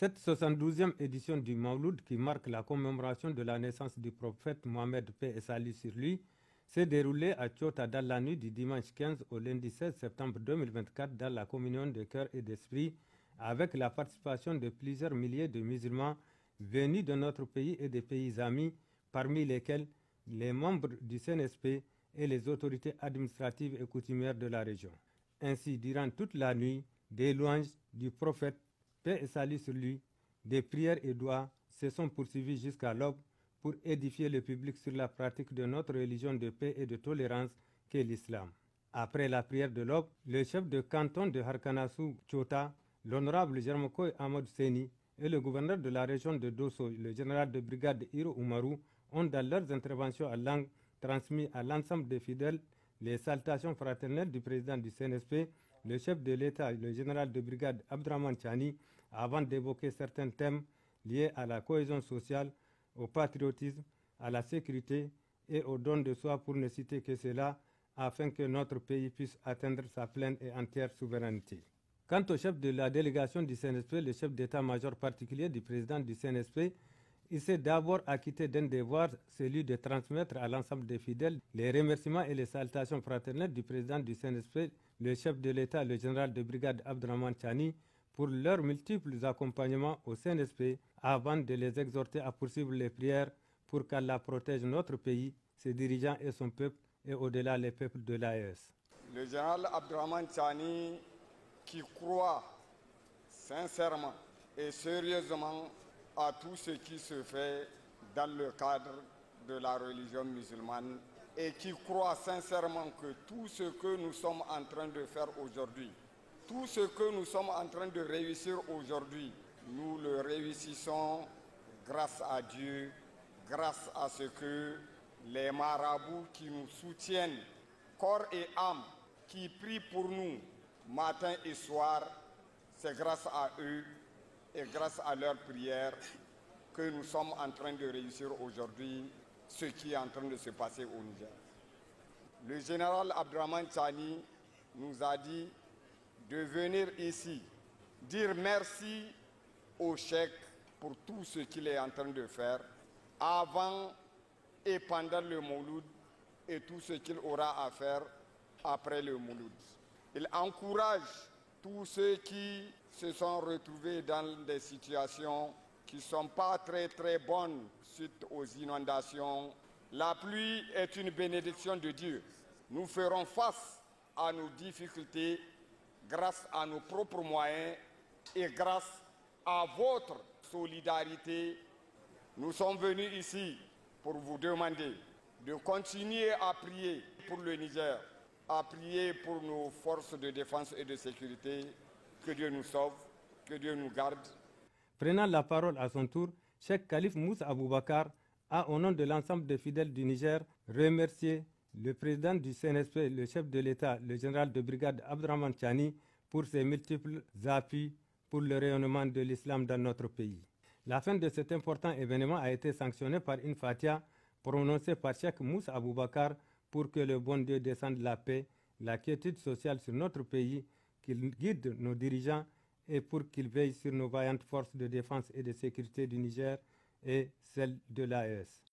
Cette 72e édition du Mawloud, qui marque la commémoration de la naissance du prophète Mohamed paix et salut sur lui, s'est déroulée à Tchota dans la nuit du dimanche 15 au lundi 16 septembre 2024 dans la communion de cœur et d'esprit avec la participation de plusieurs milliers de musulmans venus de notre pays et des pays amis, parmi lesquels les membres du CNSP et les autorités administratives et coutumières de la région. Ainsi, durant toute la nuit, des louanges du prophète paix et salut sur lui, des prières et doigts se sont poursuivis jusqu'à l'aube pour édifier le public sur la pratique de notre religion de paix et de tolérance qu'est l'islam. Après la prière de l'aube, le chef de canton de Harkanasu, Chota, l'honorable Jermokoy Ahmad Seni et le gouverneur de la région de Dosso, le général de brigade Hiro Umaru, ont dans leurs interventions à langue transmis à l'ensemble des fidèles les salutations fraternelles du président du CNSP, le chef de l'État, le général de brigade Abdraman Chani, avant d'évoquer certains thèmes liés à la cohésion sociale, au patriotisme, à la sécurité et au don de soi, pour ne citer que cela, afin que notre pays puisse atteindre sa pleine et entière souveraineté. Quant au chef de la délégation du CNSP, le chef d'état-major particulier du président du CNSP, il s'est d'abord acquitté d'un devoir, celui de transmettre à l'ensemble des fidèles les remerciements et les salutations fraternelles du président du CNSP, le chef de l'État, le général de brigade Abdraman Chani, pour leurs multiples accompagnements au Saint-Esprit, avant de les exhorter à poursuivre les prières pour qu'Allah protège notre pays, ses dirigeants et son peuple, et au-delà les peuples de l'AES. Le général Abdraman Chani, qui croit sincèrement et sérieusement à tout ce qui se fait dans le cadre de la religion musulmane et qui croient sincèrement que tout ce que nous sommes en train de faire aujourd'hui, tout ce que nous sommes en train de réussir aujourd'hui, nous le réussissons grâce à Dieu, grâce à ce que les marabouts qui nous soutiennent, corps et âme, qui prient pour nous matin et soir, c'est grâce à eux et grâce à leurs prières que nous sommes en train de réussir aujourd'hui ce qui est en train de se passer au Niger. Le général Abdraman Chani nous a dit de venir ici dire merci au Cheikh pour tout ce qu'il est en train de faire avant et pendant le Mouloud et tout ce qu'il aura à faire après le Mouloud. Il encourage tous ceux qui se sont retrouvés dans des situations qui ne sont pas très très bonnes suite aux inondations, la pluie est une bénédiction de Dieu. Nous ferons face à nos difficultés grâce à nos propres moyens et grâce à votre solidarité. Nous sommes venus ici pour vous demander de continuer à prier pour le Niger, à prier pour nos forces de défense et de sécurité. Que Dieu nous sauve, que Dieu nous garde Prenant la parole à son tour, Cheikh Khalif Moussa Aboubakar a, au nom de l'ensemble des fidèles du Niger, remercié le président du CNSP, le chef de l'État, le général de brigade Abdraman Chani, pour ses multiples appuis pour le rayonnement de l'islam dans notre pays. La fin de cet important événement a été sanctionnée par une fatia prononcée par Cheikh Moussa Aboubakar pour que le bon Dieu descende la paix, la quiétude sociale sur notre pays, qu'il guide nos dirigeants et pour qu'il veille sur nos vaillantes forces de défense et de sécurité du Niger et celles de l'AES.